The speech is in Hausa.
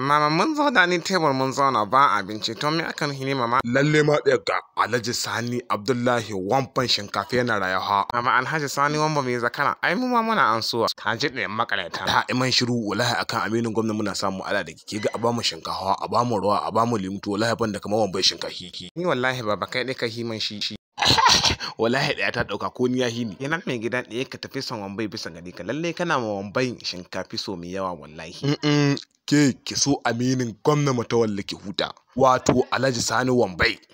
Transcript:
Mama mun zo da ni tebur mun zauna ba abinci to me aka nuhi ne mama? Lalle ma ɗaya ga Alhaji Sani Abdullahi wamban shinkafa yana rayuwa. Mama Alhaji Sani wamba mai zakara ai mu ma muna an suwa. Ka ji ɗayan makaranta. Da iman shiru wallahi akan aminin gwamna muna samu ala da kike ga a bamu shinkafa a bamu ruwa a bamu limutu wallahi ban da kamar wamban shinkafi. Ni wallahi baba kai ɗaya ka himan shi. wallahi ɗaya ta ɗauka ko ni ya hini yana mai gidan ɗaya ka tafi son wambai bisa gari ka lallai kana ma wambai shinkafi so mai yawa wallahi ke ki so aminin gwamna matawalla ki huta wato alhaji sani wambai